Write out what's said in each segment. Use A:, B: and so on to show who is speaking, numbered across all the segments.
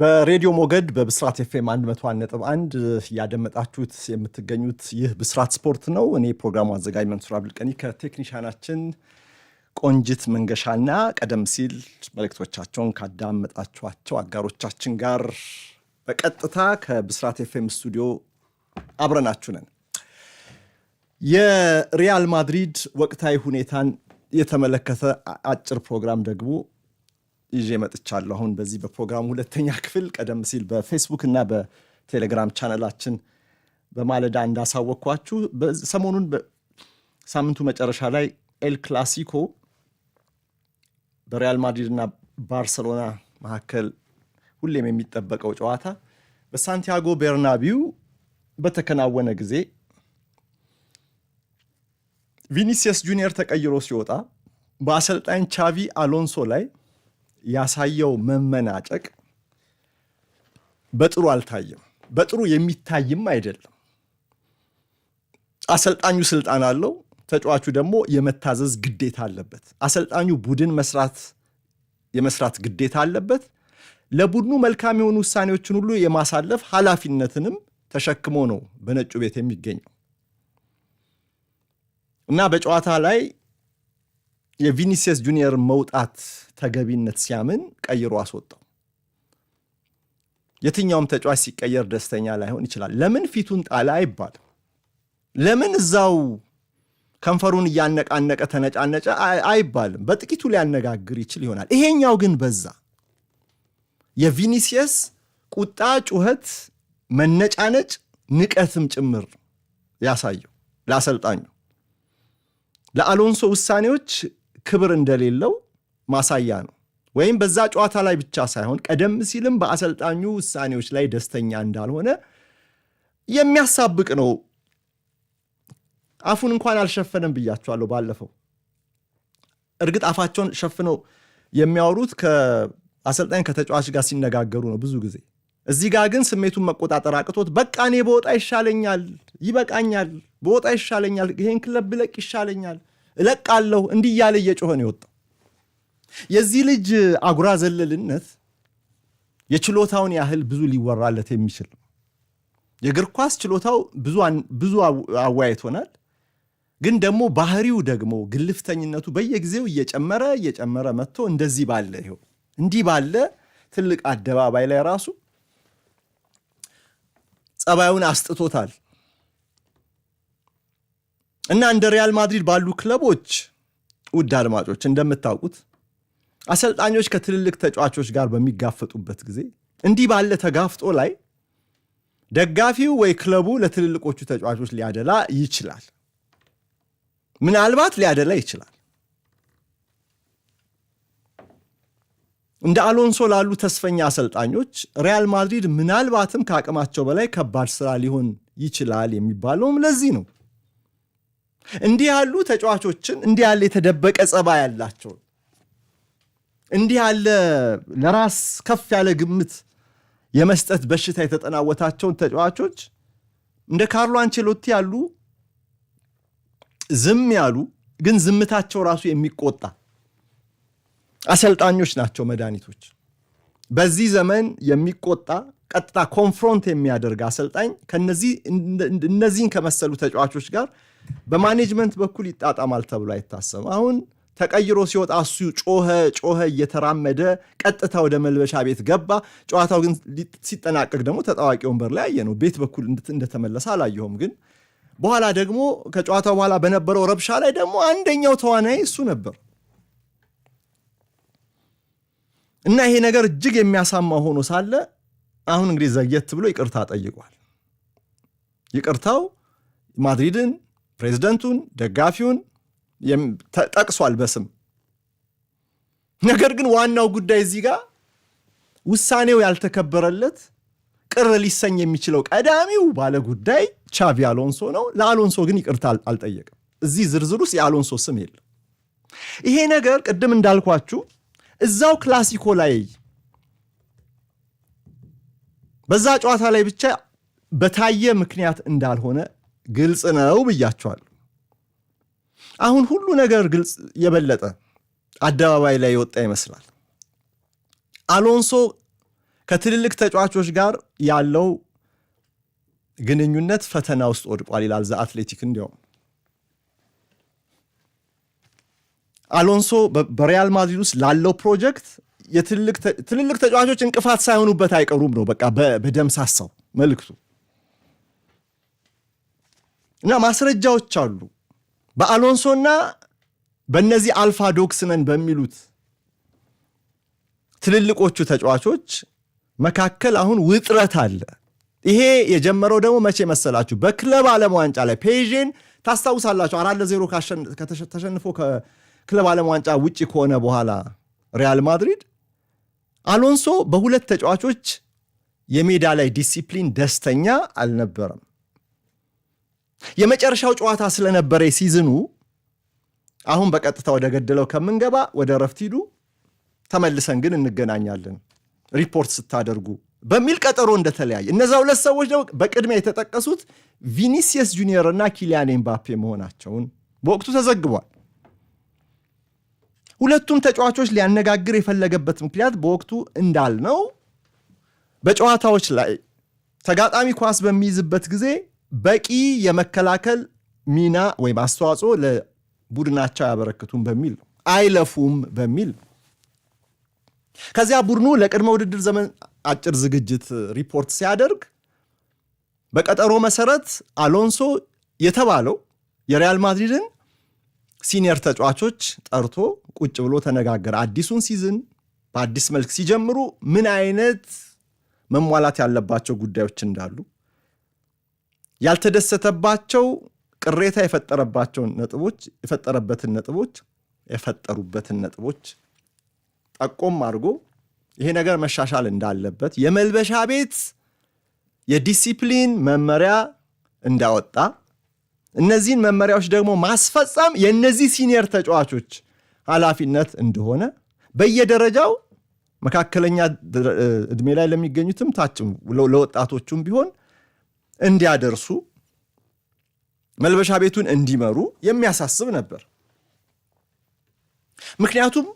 A: በሬዲዮ ሞገድ በብስራት ኤፍኤም 111 እያደመጣችሁት የምትገኙት ይህ ብስራት ስፖርት ነው። እኔ ፕሮግራሙ አዘጋጅ መንሱር አብዱልቀኒ ከቴክኒሻናችን ቆንጅት መንገሻና ቀደም ሲል መልእክቶቻቸውን ካዳመጣችኋቸው አጋሮቻችን ጋር በቀጥታ ከብስራት ኤፍኤም ስቱዲዮ አብረናችሁ ነን። የሪያል ማድሪድ ወቅታዊ ሁኔታን የተመለከተ አጭር ፕሮግራም ደግሞ ይዤ መጥቻለሁ። አሁን በዚህ በፕሮግራሙ ሁለተኛ ክፍል ቀደም ሲል በፌስቡክ እና በቴሌግራም ቻነላችን በማለዳ እንዳሳወቅኳችሁ ሰሞኑን በሳምንቱ መጨረሻ ላይ ኤል ክላሲኮ በሪያል ማድሪድ እና ባርሰሎና መካከል ሁሌም የሚጠበቀው ጨዋታ በሳንቲያጎ ቤርናቢው በተከናወነ ጊዜ ቪኒሲየስ ጁኒየር ተቀይሮ ሲወጣ በአሰልጣኝ ቻቪ አሎንሶ ላይ ያሳየው መመናጨቅ በጥሩ አልታየም። በጥሩ የሚታይም አይደለም። አሰልጣኙ ስልጣን አለው፣ ተጫዋቹ ደግሞ የመታዘዝ ግዴታ አለበት። አሰልጣኙ ቡድን መስራት የመስራት ግዴታ አለበት። ለቡድኑ መልካም የሆኑ ውሳኔዎችን ሁሉ የማሳለፍ ኃላፊነትንም ተሸክሞ ነው በነጩ ቤት የሚገኘው እና በጨዋታ ላይ የቪኒሲየስ ጁኒየር መውጣት ተገቢነት ሲያምን ቀይሮ አስወጣው። የትኛውም ተጫዋች ሲቀየር ደስተኛ ላይሆን ይችላል። ለምን ፊቱን ጣለ አይባል? ለምን እዛው ከንፈሩን እያነቃነቀ ተነጫነጨ አይባልም። በጥቂቱ ሊያነጋግር ይችል ይሆናል። ይሄኛው ግን በዛ። የቪኒሲየስ ቁጣ፣ ጩኸት፣ መነጫነጭ ንቀትም ጭምር ያሳየው ለአሰልጣኙ ለአሎንሶ ውሳኔዎች ክብር እንደሌለው ማሳያ ነው። ወይም በዛ ጨዋታ ላይ ብቻ ሳይሆን ቀደም ሲልም በአሰልጣኙ ውሳኔዎች ላይ ደስተኛ እንዳልሆነ የሚያሳብቅ ነው። አፉን እንኳን አልሸፈነም ብያቸዋለሁ ባለፈው። እርግጥ አፋቸውን ሸፍነው የሚያወሩት ከአሰልጣኝ ከተጫዋች ጋር ሲነጋገሩ ነው ብዙ ጊዜ። እዚህ ጋር ግን ስሜቱን መቆጣጠር አቅቶት በቃ እኔ በወጣ ይሻለኛል፣ ይበቃኛል፣ በወጣ ይሻለኛል፣ ይሄን ክለብ ብለቅ ይሻለኛል እለቃለሁ እንዲህ እያለ እየጮኸ ነው የወጣው። የዚህ ልጅ አጉራ ዘለልነት የችሎታውን ያህል ብዙ ሊወራለት የሚችል የእግር ኳስ ችሎታው ብዙ አወያይቶናል። ግን ደግሞ ባህሪው ደግሞ ግልፍተኝነቱ በየጊዜው እየጨመረ እየጨመረ መጥቶ እንደዚህ ባለ ይኸው እንዲህ ባለ ትልቅ አደባባይ ላይ ራሱ ጸባዩን አስጥቶታል። እና እንደ ሪያል ማድሪድ ባሉ ክለቦች ውድ አድማጮች እንደምታውቁት አሰልጣኞች ከትልልቅ ተጫዋቾች ጋር በሚጋፈጡበት ጊዜ እንዲህ ባለ ተጋፍጦ ላይ ደጋፊው ወይ ክለቡ ለትልልቆቹ ተጫዋቾች ሊያደላ ይችላል። ምናልባት ሊያደላ ይችላል። እንደ አሎንሶ ላሉ ተስፈኛ አሰልጣኞች ሪያል ማድሪድ ምናልባትም ከአቅማቸው በላይ ከባድ ስራ ሊሆን ይችላል የሚባለውም ለዚህ ነው። እንዲህ ያሉ ተጫዋቾችን እንዲህ ያለ የተደበቀ ጸባ ያላቸው እንዲህ ያለ ለራስ ከፍ ያለ ግምት የመስጠት በሽታ የተጠናወታቸውን ተጫዋቾች እንደ ካርሎ አንቸሎቲ ያሉ ዝም ያሉ ግን ዝምታቸው ራሱ የሚቆጣ አሰልጣኞች ናቸው መድኃኒቶች። በዚህ ዘመን የሚቆጣ ቀጥታ ኮንፍሮንት የሚያደርግ አሰልጣኝ እነዚህን ከመሰሉ ተጫዋቾች ጋር በማኔጅመንት በኩል ይጣጣማል ተብሎ አይታሰብም። አሁን ተቀይሮ ሲወጣ እሱ ጮኸ ጮኸ እየተራመደ ቀጥታ ወደ መልበሻ ቤት ገባ። ጨዋታው ግን ሲጠናቀቅ ደግሞ ተጣዋቂ ወንበር ላይ አየ ነው። ቤት በኩል እንደተመለሰ አላየሁም። ግን በኋላ ደግሞ ከጨዋታው በኋላ በነበረው ረብሻ ላይ ደግሞ አንደኛው ተዋናይ እሱ ነበር እና ይሄ ነገር እጅግ የሚያሳማ ሆኖ ሳለ አሁን እንግዲህ ዘግየት ብሎ ይቅርታ ጠይቋል። ይቅርታው ማድሪድን፣ ፕሬዚደንቱን፣ ደጋፊውን ጠቅሷል በስም ነገር ግን ዋናው ጉዳይ እዚህ ጋር ውሳኔው ያልተከበረለት ቅር ሊሰኝ የሚችለው ቀዳሚው ባለ ጉዳይ ቻቪ አሎንሶ ነው። ለአሎንሶ ግን ይቅርታ አልጠየቅም። እዚህ ዝርዝር ውስጥ የአሎንሶ ስም የለም። ይሄ ነገር ቅድም እንዳልኳችሁ እዛው ክላሲኮ ላይ በዛ ጨዋታ ላይ ብቻ በታየ ምክንያት እንዳልሆነ ግልጽ ነው ብያቸዋል። አሁን ሁሉ ነገር ግልጽ የበለጠ አደባባይ ላይ የወጣ ይመስላል። አሎንሶ ከትልልቅ ተጫዋቾች ጋር ያለው ግንኙነት ፈተና ውስጥ ወድቋል ይላል ዘ አትሌቲክ። እንዲያውም አሎንሶ በሪያል ማድሪድ ውስጥ ላለው ፕሮጀክት ትልልቅ ተጫዋቾች እንቅፋት ሳይሆኑበት አይቀሩም ነው በቃ በደም መልክቱ። እና ማስረጃዎች አሉ በአሎንሶና በእነዚህ አልፋ ዶክስነን በሚሉት ትልልቆቹ ተጫዋቾች መካከል አሁን ውጥረት አለ። ይሄ የጀመረው ደግሞ መቼ መሰላችሁ? በክለብ አለም ዋንጫ ላይ ፔዥን ታስታውሳላችሁ። አራት ለዜሮ ተሸንፎ ከክለብ አለም ዋንጫ ውጭ ከሆነ በኋላ ሪያል ማድሪድ አሎንሶ በሁለት ተጫዋቾች የሜዳ ላይ ዲሲፕሊን ደስተኛ አልነበረም። የመጨረሻው ጨዋታ ስለነበረ ሲዝኑ አሁን በቀጥታ ወደ ገደለው ከምንገባ ወደ እረፍት ሂዱ፣ ተመልሰን ግን እንገናኛለን ሪፖርት ስታደርጉ በሚል ቀጠሮ እንደተለያየ። እነዛ ሁለት ሰዎች ደግሞ በቅድሚያ የተጠቀሱት ቪኒሲየስ ጁኒየር እና ኪሊያን ኤምባፔ መሆናቸውን በወቅቱ ተዘግቧል። ሁለቱም ተጫዋቾች ሊያነጋግር የፈለገበት ምክንያት በወቅቱ እንዳልነው በጨዋታዎች ላይ ተጋጣሚ ኳስ በሚይዝበት ጊዜ በቂ የመከላከል ሚና ወይም አስተዋጽኦ ለቡድናቸው አያበረክቱም በሚል ነው፣ አይለፉም በሚል ነው። ከዚያ ቡድኑ ለቅድመ ውድድር ዘመን አጭር ዝግጅት ሪፖርት ሲያደርግ በቀጠሮ መሰረት አሎንሶ የተባለው የሪያል ማድሪድን ሲኒየር ተጫዋቾች ጠርቶ ቁጭ ብሎ ተነጋገረ። አዲሱን ሲዝን በአዲስ መልክ ሲጀምሩ ምን አይነት መሟላት ያለባቸው ጉዳዮች እንዳሉ፣ ያልተደሰተባቸው ቅሬታ የፈጠረባቸውን ነጥቦች የፈጠረበትን ነጥቦች የፈጠሩበትን ነጥቦች ጠቆም አድርጎ ይሄ ነገር መሻሻል እንዳለበት የመልበሻ ቤት የዲሲፕሊን መመሪያ እንዳወጣ እነዚህን መመሪያዎች ደግሞ ማስፈጸም የእነዚህ ሲኒየር ተጫዋቾች ኃላፊነት እንደሆነ በየደረጃው መካከለኛ እድሜ ላይ ለሚገኙትም ታችም ለወጣቶቹም ቢሆን እንዲያደርሱ መልበሻ ቤቱን እንዲመሩ የሚያሳስብ ነበር። ምክንያቱም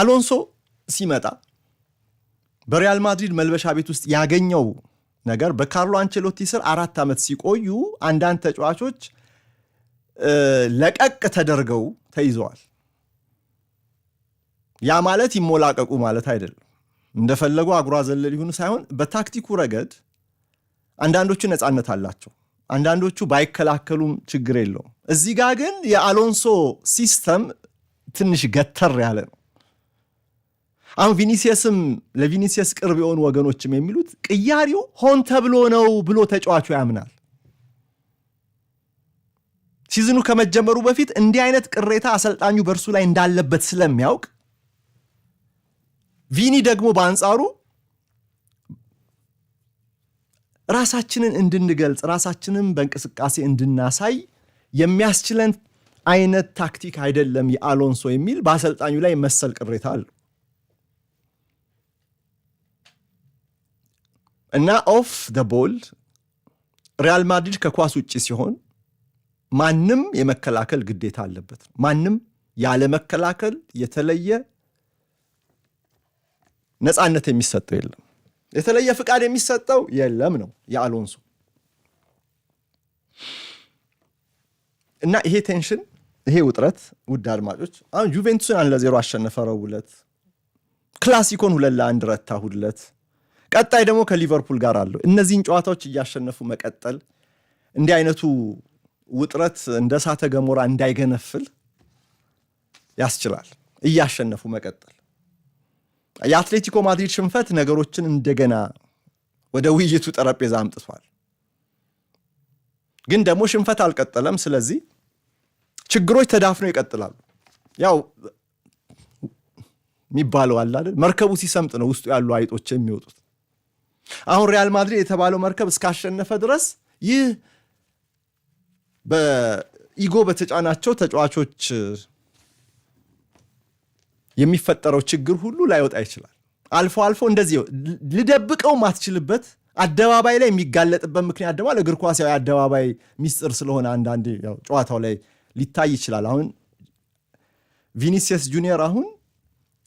A: አሎንሶ ሲመጣ በሪያል ማድሪድ መልበሻ ቤት ውስጥ ያገኘው ነገር በካርሎ አንቸሎቲ ስር አራት ዓመት ሲቆዩ አንዳንድ ተጫዋቾች ለቀቅ ተደርገው ተይዘዋል። ያ ማለት ይሞላቀቁ ማለት አይደለም። እንደፈለጉ አጉራ ዘለል ይሁኑ ሳይሆን በታክቲኩ ረገድ አንዳንዶቹ ነፃነት አላቸው። አንዳንዶቹ ባይከላከሉም ችግር የለውም። እዚህ ጋር ግን የአሎንሶ ሲስተም ትንሽ ገተር ያለ ነው። አሁን ቪኒሲየስም ለቪኒሲየስ ቅርብ የሆኑ ወገኖችም የሚሉት ቅያሪው ሆን ተብሎ ነው ብሎ ተጫዋቹ ያምናል። ሲዝኑ ከመጀመሩ በፊት እንዲህ አይነት ቅሬታ አሰልጣኙ በእርሱ ላይ እንዳለበት ስለሚያውቅ ቪኒ ደግሞ በአንጻሩ ራሳችንን እንድንገልጽ ራሳችንን በእንቅስቃሴ እንድናሳይ የሚያስችለን አይነት ታክቲክ አይደለም የአሎንሶ የሚል በአሰልጣኙ ላይ መሰል ቅሬታ አለው። እና ኦፍ ዘ ቦል ሪያል ማድሪድ ከኳስ ውጭ ሲሆን ማንም የመከላከል ግዴታ አለበት። ማንም ያለመከላከል የተለየ ነፃነት የሚሰጠው የለም፣ የተለየ ፍቃድ የሚሰጠው የለም ነው የአሎንሶ እና ይሄ ቴንሽን ይሄ ውጥረት ውድ አድማጮች አሁን ዩቬንቱስን አንድ ለዜሮ አሸነፈ ረቡዕ ዕለት ክላሲኮን ሁለት ለአንድ ረታ ሁለት ቀጣይ ደግሞ ከሊቨርፑል ጋር አለው። እነዚህን ጨዋታዎች እያሸነፉ መቀጠል እንዲህ አይነቱ ውጥረት እንደ እሳተ ገሞራ እንዳይገነፍል ያስችላል። እያሸነፉ መቀጠል የአትሌቲኮ ማድሪድ ሽንፈት ነገሮችን እንደገና ወደ ውይይቱ ጠረጴዛ አምጥቷል። ግን ደግሞ ሽንፈት አልቀጠለም። ስለዚህ ችግሮች ተዳፍነው ይቀጥላሉ። ያው የሚባለው አለ መርከቡ ሲሰምጥ ነው ውስጡ ያሉ አይጦች የሚወጡት። አሁን ሪያል ማድሪድ የተባለው መርከብ እስካሸነፈ ድረስ ይህ በኢጎ በተጫናቸው ተጫዋቾች የሚፈጠረው ችግር ሁሉ ላይወጣ ይችላል። አልፎ አልፎ እንደዚህ ልደብቀው ማትችልበት አደባባይ ላይ የሚጋለጥበት ምክንያት ደግሞ እግር ኳስ ያው አደባባይ ሚስጥር ስለሆነ አንዳንዴ ጨዋታው ላይ ሊታይ ይችላል። አሁን ቪኒሲየስ ጁኒየር አሁን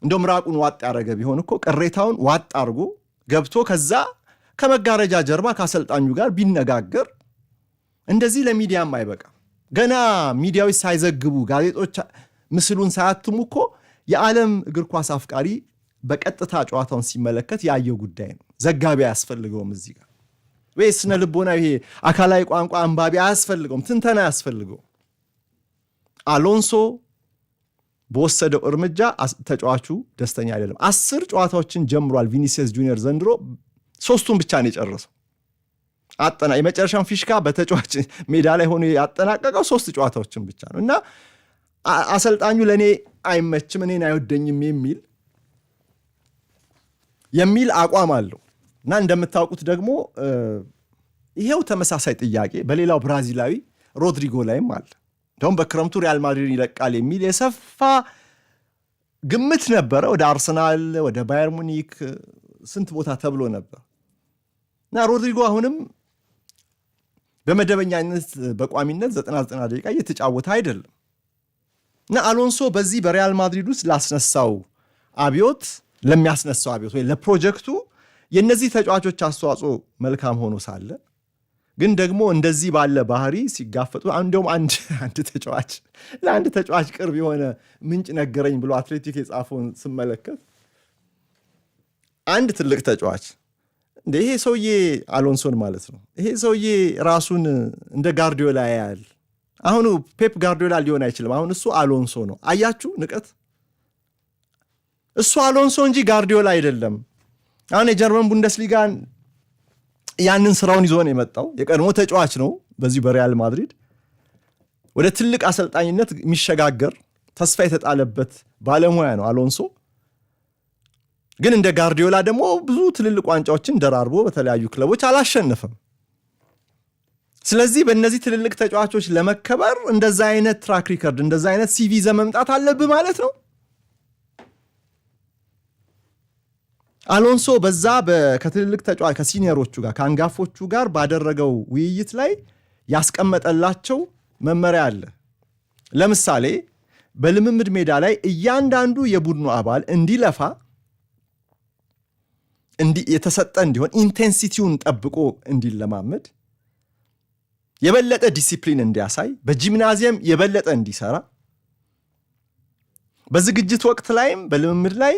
A: እንደ ምራቁን ዋጥ ያደረገ ቢሆን እኮ ቅሬታውን ዋጥ አድርጎ ገብቶ ከዛ ከመጋረጃ ጀርባ ከአሰልጣኙ ጋር ቢነጋገር እንደዚህ ለሚዲያም አይበቃም። ገና ሚዲያዎች ሳይዘግቡ ጋዜጦች ምስሉን ሳያትሙ እኮ የዓለም እግር ኳስ አፍቃሪ በቀጥታ ጨዋታውን ሲመለከት ያየው ጉዳይ ነው። ዘጋቢ አያስፈልገውም። እዚህ ጋር ወይ ስነ ልቦና ይሄ አካላዊ ቋንቋ አንባቢ አያስፈልገውም። ትንተና አያስፈልገውም። አሎንሶ በወሰደው እርምጃ ተጫዋቹ ደስተኛ አይደለም። አስር ጨዋታዎችን ጀምሯል ቪኒሲየስ ጁኒየር ዘንድሮ ሶስቱን ብቻ ነው የጨረሰው። አጠና የመጨረሻን ፊሽካ በተጫዋች ሜዳ ላይ ሆኖ ያጠናቀቀው ሶስት ጨዋታዎችን ብቻ ነው እና አሰልጣኙ ለእኔ አይመችም እኔን አይወደኝም የሚል የሚል አቋም አለው እና እንደምታውቁት ደግሞ ይሄው ተመሳሳይ ጥያቄ በሌላው ብራዚላዊ ሮድሪጎ ላይም አለ። እንደውም በክረምቱ ሪያል ማድሪድ ይለቃል የሚል የሰፋ ግምት ነበረ። ወደ አርሰናል፣ ወደ ባየር ሙኒክ ስንት ቦታ ተብሎ ነበር እና ሮድሪጎ አሁንም በመደበኛነት በቋሚነት 99 ደቂቃ እየተጫወተ አይደለም እና አሎንሶ በዚህ በሪያል ማድሪድ ውስጥ ላስነሳው አብዮት ለሚያስነሳው አብዮት ወይ ለፕሮጀክቱ የእነዚህ ተጫዋቾች አስተዋጽኦ መልካም ሆኖ ሳለ ግን ደግሞ እንደዚህ ባለ ባህሪ ሲጋፈጡ እንዲሁም አንድ ተጫዋች ለአንድ ተጫዋች ቅርብ የሆነ ምንጭ ነገረኝ ብሎ አትሌቲክ የጻፈውን ስመለከት አንድ ትልቅ ተጫዋች እንደ ይሄ ሰውዬ አሎንሶን ማለት ነው። ይሄ ሰውዬ ራሱን እንደ ጋርዲዮላ ያያል። አሁኑ ፔፕ ጋርዲዮላ ሊሆን አይችልም። አሁን እሱ አሎንሶ ነው። አያችሁ ንቀት። እሱ አሎንሶ እንጂ ጋርዲዮላ አይደለም። አሁን የጀርመን ቡንደስሊጋን ያንን ስራውን ይዞ ነው የመጣው። የቀድሞ ተጫዋች ነው በዚህ በሪያል ማድሪድ ወደ ትልቅ አሰልጣኝነት የሚሸጋገር ተስፋ የተጣለበት ባለሙያ ነው አሎንሶ። ግን እንደ ጋርዲዮላ ደግሞ ብዙ ትልልቅ ዋንጫዎችን ደራርቦ በተለያዩ ክለቦች አላሸነፈም። ስለዚህ በእነዚህ ትልልቅ ተጫዋቾች ለመከበር እንደዛ አይነት ትራክ ሪከርድ እንደዛ አይነት ሲቪ ዘመምጣት አለብ ማለት ነው። አሎንሶ በዛ ከትልልቅ ተጫዋች ከሲኒየሮቹ ጋር ከአንጋፎቹ ጋር ባደረገው ውይይት ላይ ያስቀመጠላቸው መመሪያ አለ። ለምሳሌ በልምምድ ሜዳ ላይ እያንዳንዱ የቡድኑ አባል እንዲለፋ የተሰጠ እንዲሆን ኢንቴንሲቲውን ጠብቆ እንዲለማመድ፣ የበለጠ ዲሲፕሊን እንዲያሳይ፣ በጂምናዚየም የበለጠ እንዲሰራ፣ በዝግጅት ወቅት ላይም በልምምድ ላይ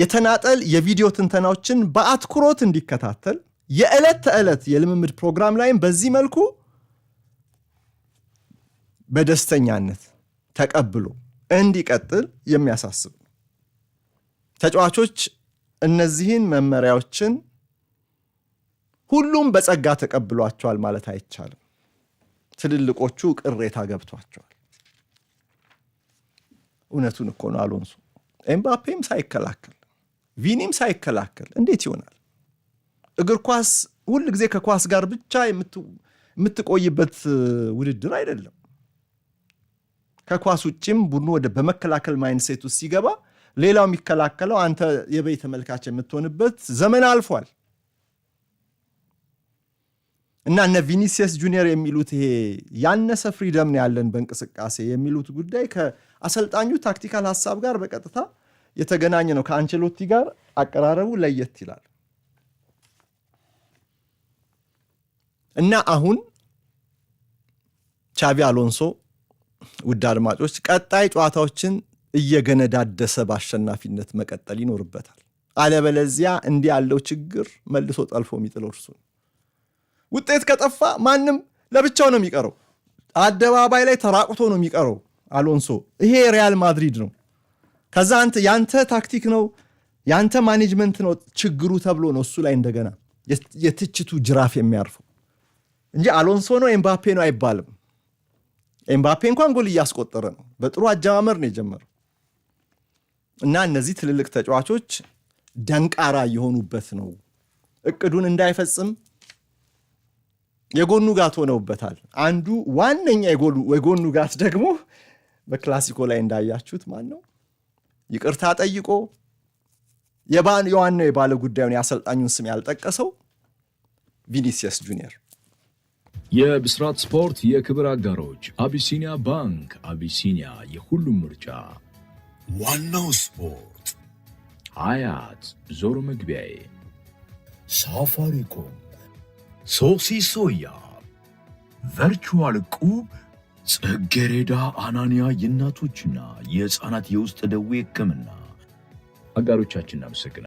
A: የተናጠል የቪዲዮ ትንተናዎችን በአትኩሮት እንዲከታተል የዕለት ተዕለት የልምምድ ፕሮግራም ላይም በዚህ መልኩ በደስተኛነት ተቀብሎ እንዲቀጥል የሚያሳስብ ነው። ተጫዋቾች እነዚህን መመሪያዎችን ሁሉም በጸጋ ተቀብሏቸዋል ማለት አይቻልም። ትልልቆቹ ቅሬታ ገብቷቸዋል። እውነቱን እኮ ነው አሎንሶ ኤምባፔም ሳይከላከል ቪኒም ሳይከላከል እንዴት ይሆናል? እግር ኳስ ሁል ጊዜ ከኳስ ጋር ብቻ የምትቆይበት ውድድር አይደለም። ከኳስ ውጭም ቡድኑ ወደ በመከላከል ማይንሴት ውስጥ ሲገባ ሌላው የሚከላከለው አንተ የበይ ተመልካች የምትሆንበት ዘመን አልፏል እና እነ ቪኒሲየስ ጁኒየር የሚሉት ይሄ ያነሰ ፍሪደም ነው ያለን በእንቅስቃሴ የሚሉት ጉዳይ ከአሰልጣኙ ታክቲካል ሀሳብ ጋር በቀጥታ የተገናኘ ነው። ከአንቸሎቲ ጋር አቀራረቡ ለየት ይላል እና አሁን ቻቢ አሎንሶ ውድ አድማጮች ቀጣይ ጨዋታዎችን እየገነዳደሰ በአሸናፊነት መቀጠል ይኖርበታል። አለበለዚያ እንዲህ ያለው ችግር መልሶ ጠልፎ የሚጥለው እርሱ ውጤት ከጠፋ ማንም ለብቻው ነው የሚቀረው። አደባባይ ላይ ተራቁቶ ነው የሚቀረው አሎንሶ። ይሄ ሪያል ማድሪድ ነው። ከዛ አንተ ያንተ ታክቲክ ነው ያንተ ማኔጅመንት ነው ችግሩ ተብሎ ነው እሱ ላይ እንደገና የትችቱ ጅራፍ የሚያርፈው እንጂ አሎንሶ ነው ኤምባፔ ነው አይባልም። ኤምባፔ እንኳን ጎል እያስቆጠረ ነው። በጥሩ አጀማመር ነው የጀመረው እና እነዚህ ትልልቅ ተጫዋቾች ደንቃራ የሆኑበት ነው። እቅዱን እንዳይፈጽም የጎኑ ጋት ሆነውበታል። አንዱ ዋነኛ የጎኑ ጋት ደግሞ በክላሲኮ ላይ እንዳያችሁት ማን ነው? ይቅርታ ጠይቆ የዋናው የባለ ጉዳዩን የአሰልጣኙን ስም ያልጠቀሰው ቪኒሲየስ ጁኒየር
B: የብስራት ስፖርት የክብር አጋሮች አቢሲኒያ ባንክ። አቢሲኒያ የሁሉም ምርጫ፣ ዋናው ስፖርት፣ አያት ዞሮ መግቢያዬ፣ ሳፋሪኮም፣ ሶሲሶያ ቨርቹዋል ቁብ ጽጌሬዳ አናንያ የእናቶችና የሕፃናት የውስጥ ደዌ ሕክምና አጋሮቻችን እናመሰግናል።